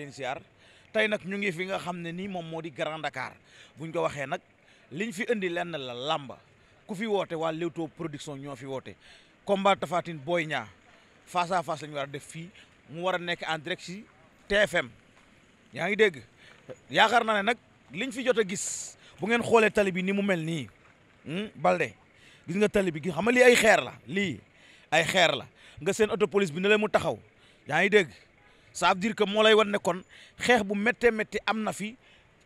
leen siyaar tey nag ñu ngi fi nga xam ne nii moom moo di Grand Dakar buñ ko waxee nag liñ fi indi lenn la làmba ku fi woote waa Leewtoo production ñoo fi woote combat Tapha booy ñaa Niang face à face war a def fii mu war a nekk en direct ci TFM yaa ngi dégg yaakaar naa ne nag liñ fi jot a gis bu ngeen xoolee tali bi ni mu mel nii hmm, Balde gis nga talibi bi xam nga lii ay xeer la lii ay xeer la nga seen auto bi ne leen mu taxaw yaa ngi dégg ça veut dire que moo lay wan ne kon xeex bu méttee métti am na fi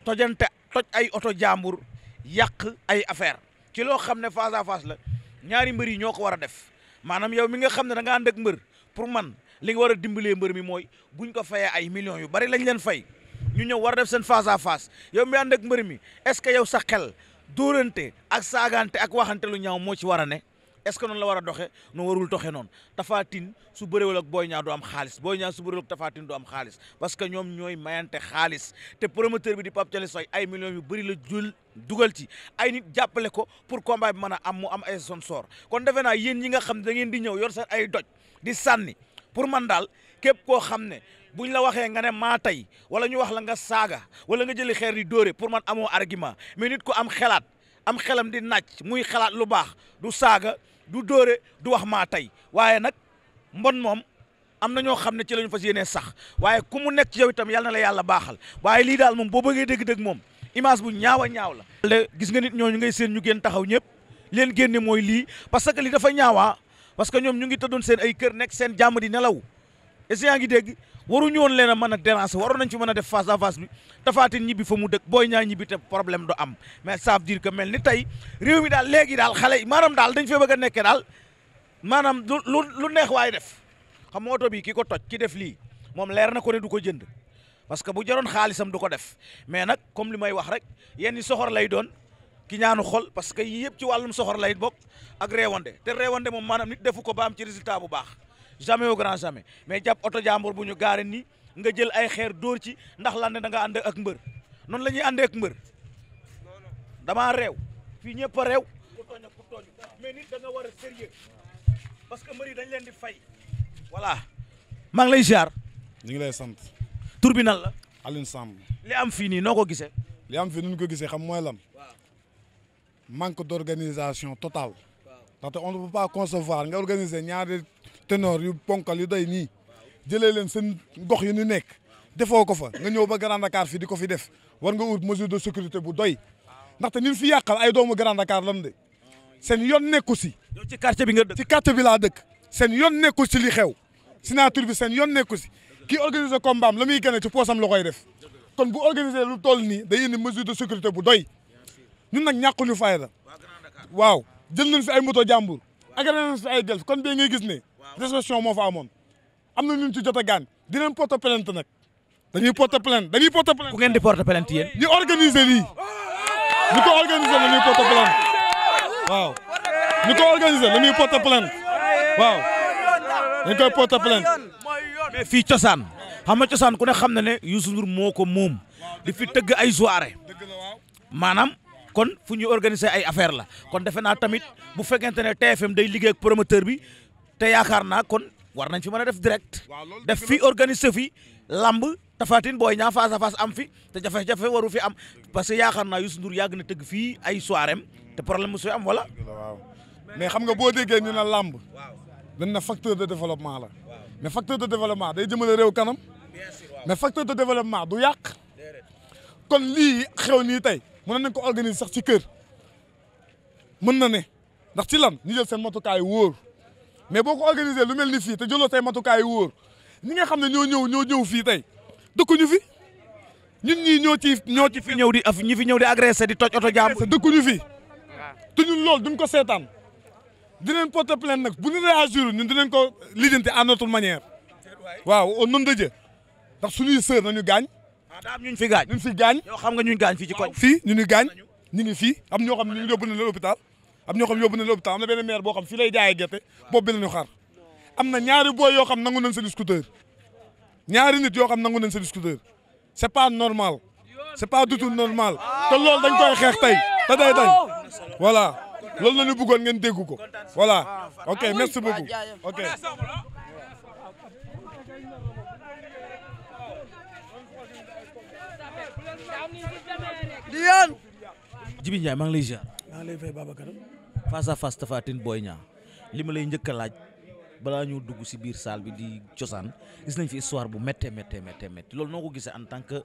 tojante toj ay oto jàmbur yàq ay affaire ci loo xam ne face à face la ñaari mbër yi ñoo ko war a def maanaam yow mi nga xam ne da nga ànd mbër pour man li nga war a dimbalee mbër mi mooy buñ ko fayee ay millions yu bari lañ leen fay ñu ñëw war a def seen face à face yow mi ànd ak mbër mi est-ce que yow sa xel dóorante ak saagante ak waxante lu ñaaw moo ci war a ne est-ce que noonu la war a doxe no warul doxe noonu tafaatin su bëréwul ak Boy ñaa du am xaalis Boy Niang su bëréwul ak tafaatin du am xaalis parce que ñoom ñooy mayante xaalis te promoteur bi di Pape Thialis Faye ay millions yu bëri la jël dugal ci ay nit jàppale ko pour combat bi mën a am mu am ay sponsor kon defe naa yéen ñi nga xam ne da ngeen di ñëw yor seen ay doj di sànni pour man daal képp koo xam ne bu ñu la waxee nga ne maa tey wala ñu wax la nga saaga wala nga jëli xeer di dóore pour man amoo argument mais nit ku am xelaat am xelam di naaj muy xalaat lu baax du saaga du dóore du wax maa tey waaye nag mbon moom am na ñoo xam ne ci la fa fas yéenee sax waaye ku mu nekk ci yow itam yal na la yàlla baaxal waaye lii daal moom boo bëggee dëgg-dëgg moom image bu ñaaw a ñaaw la. gis nga nit ñu ngay seen ñu génn taxaw ñëpp leen génne mooy lii parce que li dafa ñaawaa parce que ñoom ñu ngi tëddoon seen ay kër nekk seen jàmm di nelaw est-ce ngi dégg waruñu woon leen a mën a déranger waroon nañ ci mën a def face à face bi tafaatin ñibbi fo mu dëkk booy ñaa ñibbi te problème du am mais ça veut dire que mel ni tey réew mi daal léegi daal xale yi maanaam daal dañ fee bëgg a daal maanaam lu lu lu neex waaye def xam nga oto bi ki ko toj ki def lii moom leer na ko ne du ko jënd parce que bu jaroon xaalisam du ko def mais nag comme li may wax rek yenn soxor lay doon ki ñaanu xol parce que yii yëpp ci wàllum soxor lay bokk ak réewande te réewande moom maanaam nit defu ko ba ci résultat bu baax jamais au grand jamais mais jàpp oto jàmbur bu ñu gaare nii nga jël ay xeer dóor ci ndax lan ne da nga ànd ak mbër noonu la ñuy àndee ak mbër damaa réew fii ñëpp a réew ku tooñ ku tooñ parce que mbër dañ leen di fay voilà maa ngi lay ziar. ñu ngi lay sant tur la Alioune Samb li am fii nii noo ko gisee li am fii ni ñu ko gisee xam mooy lan manque d'organisation totale ndaxte on ne pas concevoir nga organiser ñaari ténor yu ponkal yu day nii jëlee leen seen gox yu nu nekk defoo ko fa nga ñëw ba Grand Dakar fii di ko fi def war nga ut mesure de sécurité bu doy ndaxte ni fi yàqal ay doomu Grand Dakar lan de seen yoon nekku si. ci quartier bi nga dëkk ci quartier bi laa dëkk. seen yoon nekku si li xew signature bi seen yoon nekku si kii organiser combat am la muy gën ci poosam la koy def kon bu organiser lu toll nii day indi mesure de sécurité bu doy ñun nag ñàkkuñu fayda waaw jël nañ fi ay moto jàmbur agréé nañ fi ay gel kon bee ngay gis ne. réception moo fa amoon am na ñun ci jot a gaan di leen porte plainte nag dañuy porte plainte dañuy porte plainte ku ngeen di porte plainte yéen ñu organiser lii ñu ko organiser dañuy porte plainte waaw ñu ko organiser dañuy porte plainte waaw dañ koy porte plainte mais fii cosaan xam nga cosaan ku ne xam na ne Youssou Ndour moo ko moom di fi tëgg ay soirée maanaam kon fu ñuy organiser ay affaire la kon defe naa tamit bu fekkente ne TFM day liggéey ak promoteur bi te yaakaar naa kon war nañ fi mën a def direct def fi organiser fi lamb tafatin booy ñaa face à face am fi te jafe-jafe waru fi am parce que yaakaar naa Youssou Ndour yàgg na tëgg fii ay soiréem te problème mu su am wala mais xam nga boo déggee ñu ne lamb dañ na facteur de développement la mais facteur de développement day jëmale réew kanam mais facteur de développement du yàq kon lii xew nii tey mën nañ ko organise sax ci kër mën na ne ndax ci lan ñu jël seen matukaay wóor mais boo ko organisé lu mel ni fii te jëloo say matukaay yu wóor ñi nga xam ne ñoo ñëw ñoo ñëw fii tey dëkkuñu fi ñun ñii ñoo ci ñoo ci fi ñëw di af ñi fi ñëw di agressé di toj oto jaam dëkkuñu fi ah. te ñun loolu duñ ko seetaan dinañ porter plainte nag bu ñu réagir ñun dinañ ko lijjanti à notre manière waaw au nom de Dieu ndax suñuy sœur nañu gaañ ah, daa am ñu fi gaañ ñu fi gaañ xam nga ñu gaañ fii fii ñu ñu gaañ ñu ngi fii am ñoo xam ne ñu ngi yóbbu na leen hôpital am ñoo xam yóbbu na l'hôpital am na benn maire boo xam fii lay jaayee gerte boobu bi la ñu xaar am na ñaari booy yoo xam nangu nañ seen scooter ñaari nit yoo xam nangu nañ seen scooter c'est pas normal c'est pas du tout normal te loolu dañ koy xeex tey te day dañ voilà loolu la ñu bëggoon ngeen dégg ko voilà ok merci beaucoup ok. Jibi Ndiaye maa ngi lay ziar. maa ngi lay fay Babacar. face a fas Tapha Tine Boy Niang li ma lay njëkk a laaj balaa ñu dugg si biir saal bi di cosaan gis nañ fi histoire bu méttee méttee méttee méttee loolu noo ko gisee en tant que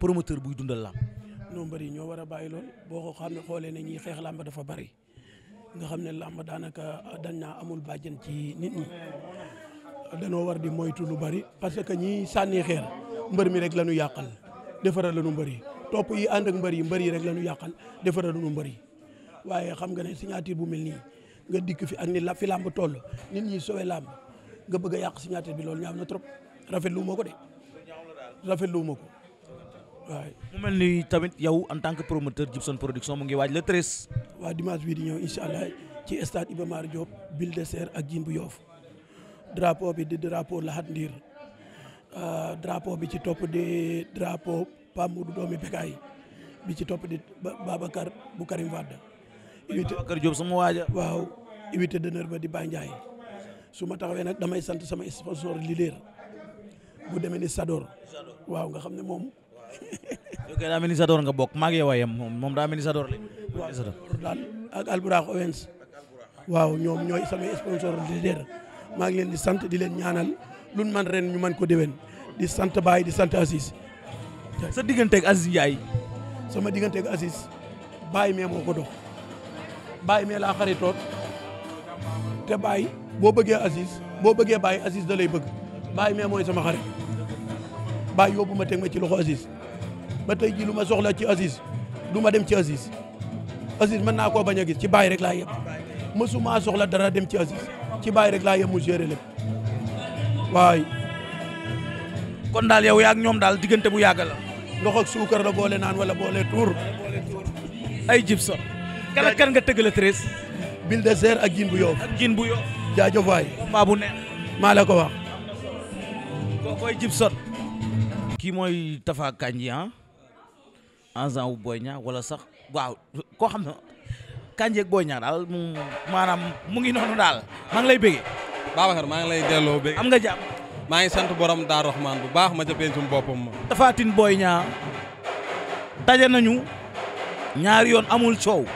promoteur buy dundal làmb. non mbër ñoo war a bàyyi lool boo ko xam ne xoolee ne ñiy xeex làmb dafa bari nga xam ne làmb daanaka dañ naa amul bàjjen ci nit ñi danoo war di moytu lu bari parce que ñi sànni xeer mbër mi rek la ñu yàqal defaral la ñu mbër yi topp yi ànd ak mbër yi mbër yi rek la yàqal defaral la ñu mbër waaye xam nga ne signature bu mel nii nga dikk fi ak ni la fi làmb toll nit ñi sowe làmb nga bëgg yàq signature bi loolu ñaaw na trop rafetlu ma ko de rafetlu ma ko waaye. mu mel ni tamit yow en tant que promoteur Jibson production mu ngi waaj le treize. waa dimanche bii di ñëw incha allah ci stade Iba Mar Diop Ville de Serre ak Jimbu Yoff drapeau bi di drapeau Lahat Ndiir ah, drapeau bi ci topp di drapeau Pamoudou doomi Bekaay bi ci topp di Babacar bu Karim huit heures Kër sama waaja waaw huit heures d'honneur ba di Baye Ndiaye su ma taxawee nag damay sant sama sponsor leader bu demee ni Sador waaw nga xam ne moom. ok daa mel ni nga bokk maa ngi moom moom daa mel ni Sador lañ. ak Alburax Owens waaw ñoom ñooy sama sponsor leader maa ngi leen di sant di leen ñaanal luñ man ren ñu man ko déwén di sant Baye di sant Assis. sa digganteeg Aziz Ndiaye. sama digganteeg Aziz Baye mee moo ko dox. bàyyi mee la xaritoon te bàyyi boo bëggee Aziz boo bëggee bàyyi Aziz da lay bëgg baay mee mooy sama xarit bàyyi yóbbu ma teg ma ci loxo Aziz ba tey ji lu ma soxla ci Aziz du ma dem ci Aziz Aziz mën naa ko bañ a gis ci bàyyi rek laa yem mësuma soxla dara dem ci Aziz ci bàyyi rek laa yem mu géré lépp waay kon daal yow yaa ak ñoom daal diggante bu yàgg la ndox ak suukar la boole naan wala boole tuur ay jib sa kan ak nga tëgg la treize. Bill ak Gine bu Yoff. ak Gine bu Yoff. jaajëf waay. bu neex. maa la ko wax. koo koy jib sot. kii mooy Tafa Kanji ah. agent wu Boy Niang wala sax waaw koo xam ne Kanji ak Boy Niang daal mu maanaam mu ngi noonu daal maa ngi lay bëggee. Babacar maa ngi lay delloo bëggee. am nga jàmm. maa ngi sant borom Daar Rahman bu baax ma ca pencum boppam ma. Tapha Tine Boy Niang daje nañu ñaari yoon amul soow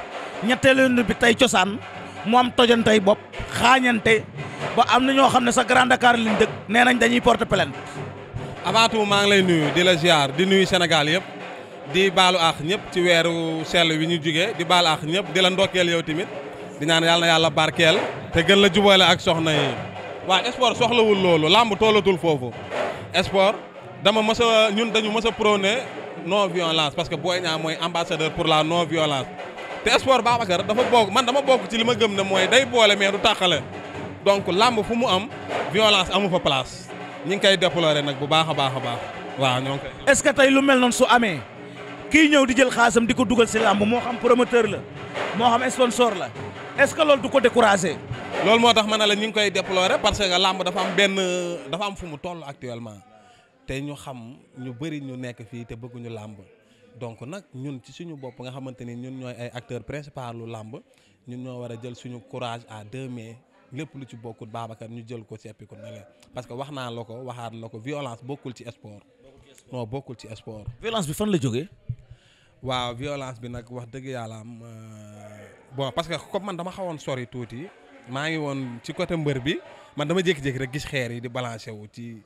ñetteelu yoon bi tey cosaan moom am tojantey bopp xaañante ba am na ñoo xam ne sa Grand Dakar liñ dëkk nee nañ dañuy porter plainte. avant tout maa ngi lay nuyu di la ziar di nuyu Sénégal yëpp di baalu àq ñëpp ci weeru sell wi ñu jugee di baalu àq ñëpp di la ndokkeel yow tamit di ñaan yàlla na yàlla barkeel te gën la jubale ak soxna yi waaw sport soxlawul loolu làmb toolatul foofu sport dama mës a ñun dañu mës a prôné non violence parce que Boy Niang mooy ambassadeur pour la non te sport Babacar dafa bokk man dama bokk ci li ma gëm ne mooy day boole mais du tàqale donc làmb fu mu am violence amu fa place ñi ngi koy déplorer nag bu baax a baax a baax waaw ñoo est-ce que tey lu mel noonu su amee kii ñëw di jël xaasam di ko dugal si làmb moo xam promoteur la moo xam sponsor la est-ce que loolu du ko décourager. lool moo tax ma ne la ñu ngi koy déplorer parce que làmb dafa am benn dafa am fu mu toll actuellement te ñu xam ñu bëri ñu nekk fii te bëgguñu làmb. donc nag ñun ci suñu bopp nga xamante ni ñun ñooy ay acteur principal lu làmb ñun ñoo war a jël suñu courage à deux mais lépp lu ci bokkul Babacar ñu jël ko seppi ko ne leen parce que wax naa la ko waxaat la ko violence bokkul ci sport. non bokkul ci sport. violence bi fan la jóge waaw violence bi nag wax dëgg yàlla am euh, bon parce que comme man dama xawoon sori tuuti maa ngi woon ci côté mbër bi man dama jékki-jékki rek gis xeer yi di balancer wu ci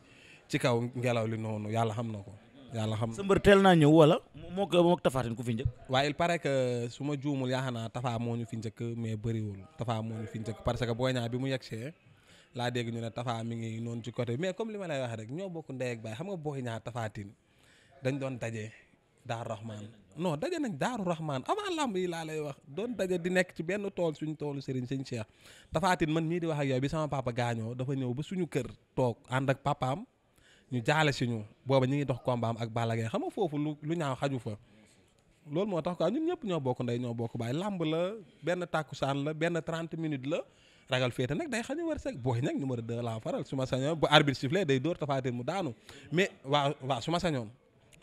ci kaw ngelaw li noonu yàlla xam na ko. yàlla xam sa mbër teel naa ñëw wala moo ko moo ko tafaatin ku fi waaye il paraît que su ma juumul yaakaar naa tafaa moo ñu fi njëkk mais bëriwul tafaa moo ñu fi njëkk parce que booy ñaa bi mu yegsee laa dégg ñu ne tafaa mi ngi noonu ci côté mais comme li ma lay wax rek ñoo bokk ndey ak baay xam nga booy ñaa tafaatin dañ doon daje daaru rahman non daje nañ daaru rahman avant lamb yi laa lay wax doon daje di nekk ci benn tool suñu toolu Serigne Serigne Cheikh tafaatin man mii di wax ak yow bi sama papa gaañoo dafa ñëw ba suñu kër toog ànd ak papaam ñu jaale si ñu booba ñu ngi dox combat am ak Balla Gaye xam nga foofu lu lu ñaaw xaju fa loolu moo tax quoi ñun ñëpp ñoo bokk ndey ñoo bokk baay làmb la benn tàkkusaan la benn 30 minutes la ragal féete nag day xañ a wërsëg booy nag numéro 2 laa faral su ma sañoon bu arbitre sifflé day dóor tafaatir mu daanu mais waa waa su ma sañoon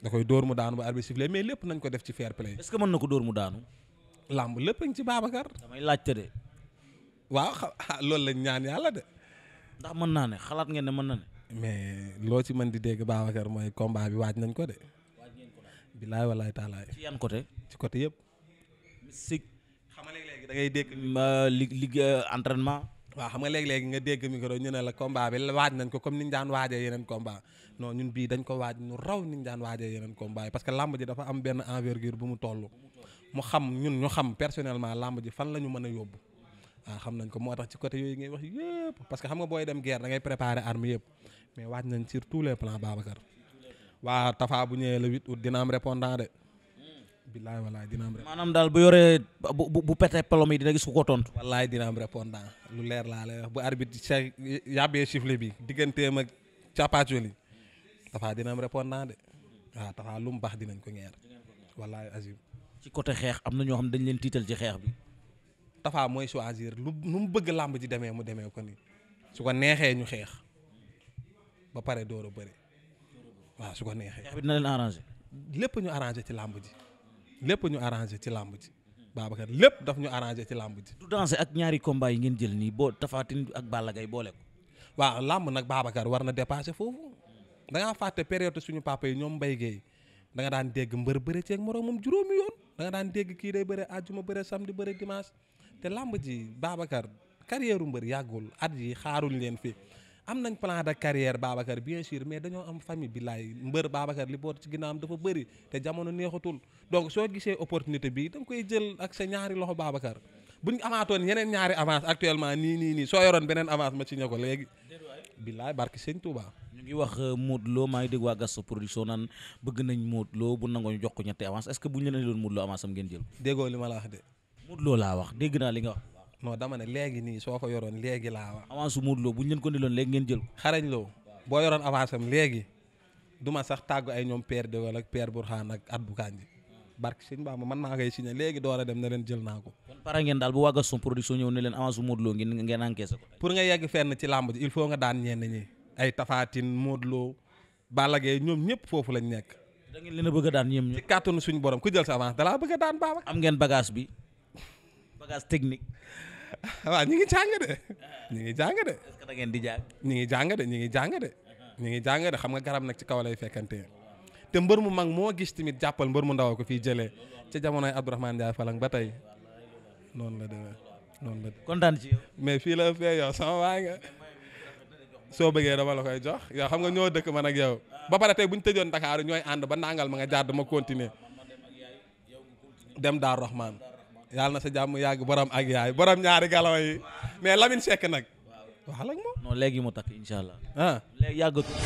da koy dóor mu daanu bu arbitre sifflé mais lépp nañ ko def ci fair play. est-ce que mën na ko dóor mu daanu. làmb lépp ngi ci Babacar. damay laajte de. waaw xa loolu ñaan yàlla de. ndax mën naa ne xalaat ngeen ne mën na mais loo ci mën di dégg Babacar mooy combat bi waaj nañ ko de. waaj ngeen ko daal bilaay taalaay. ci yan côté. ci côté yëpp. mystique. xam nga léegi-léegi da ngay dégg. li ligue euh, entraînement. waaw xam nga léegi-léegi nga dégg micro ñu ne la combat bi waaj nañ ko comme ni ñu daan waajee yeneen combat non ñun bii dañ ko waaj ñu raw ni ñu daan waajee yeneen combat yi parce que làmb ji dafa am benn envergure bu mu toll. mu xam ñun ñu xam personnellement làmb ji fan la ñu mën a yóbbu. waaw ah, xam nañ ko moo tax ci côté yooyu ngay wax yëpp parce que xam nga booy dem guerre da ngay préparer arme yëpp mais waaj nañ sur tous les plans Babacar waa Tafa bu ñëwee la 8 août dina am répondant de. billaay walaay dina daal bu yore bu bu bu petee palom yi dina gis ku ko tontu. wallaay dina am répondant lu leer laa lay wax bu arbitre sa yàbbee sifflet bi digganteem ak cappaacoli Tafa dina am répondant de waaw Tafa lu mu baax dinañ ko ñeer wallaay azim. ci côté xeex am na ñoo xam dañ leen tiital ci xeex bi. Tapha mooy choisir lu nu mu bëgg làmb ji demee mu demee ko nii su ko neexee ñu xeex ba pare door a bëri waaw su ko neexee. xeex bi arrangé. lépp ñu arrangé ci làmb ji lépp ñu arrangé ci làmb ji Babacar lépp daf ñu arrangé ci làmb ji. du dansé ak ñaari combat yi ngeen jël nii boo Tapha ak Balla Gaye boole ko. waa làmb nag Babacar war na dépassé foofu da ngaa fàtte période suñu papa yi ñoom Mbaye Guèye da nga daan dégg mbër bëre ceeg moroomam juróomi yoon da nga daan dégg kii day bëre àjjuma te làmb ji Babacar carrière mbër yàggul at yi xaaruñ leen fi am nañ plan de carrière Babacar bien sûr mais dañoo am famille bi mbër Babacar li boot ci ginnaawam dafa bëri te jamono neexatul donc soo gisee opportunité bi da koy jël ak sa ñaari loxo Babacar buñ amaatoon yeneen ñaari avance actuellement nii nii nii soo yoroon beneen avance ma ci ñe ko léegi billaay barki sëñ Touba. ñu ngi wax euh, Modou Lo maa ngi dégg waa Gaston production naan bëgg nañ Modou Lo bu nangoo ñu jox li ma la wax de Modou Lo laa wax dégg naa li nga wax. non dama ne léegi nii soo ko yoroon léegi laa wax. avance su Modou bu ñu leen ko niloon léegi ngeen jël ko. xarañ loo boo yoroon avance léegi du ma sax tàggu ay ñoom Père Dewel ak Père Bourkhane ak barke sëñ Bamba man maa ngay signé léegi door a dem ne leen jël naa ko. pare ngeen daal bu wàgga son production ñëw ne leen avance su Modou Lo ngeen ngeen encaissé ko. pour nga yegg fenn ci làmb ji il faut nga daan ñenn ñi nekk. da ngeen leen a a daan ñoom ñëpp. a bagage technique. waaw ñu ngi jàng de. ñu jàng de. est di jàng. ñu ngi jàng de ñu ngi jàng de. Uh-huh. ñu ngi jàng de xam nga garab nag ci kaw lay fekkante te mbër mu mag moo gis tamit jàppal mbër mu ndaw ko fii jëlee ci jamonoy Abdourahmane Ndiaye Falang ba tey noonu la demee kontaan ci mais fii la fee yow soo bëggee dama la jox yow xam nga ñoo dëkk man ak ba pare tey bu tëjoon Dakar ñooy ànd ba nangal ma nga jaar dama continuer dem Daaru Rahman. yàlla na sa jàmm yàgg borom ak yaay borom ñaari galaw yi mais Lamine nag. waxal ak moom non léegi mu takk incha allah. ah léegi yàggatul.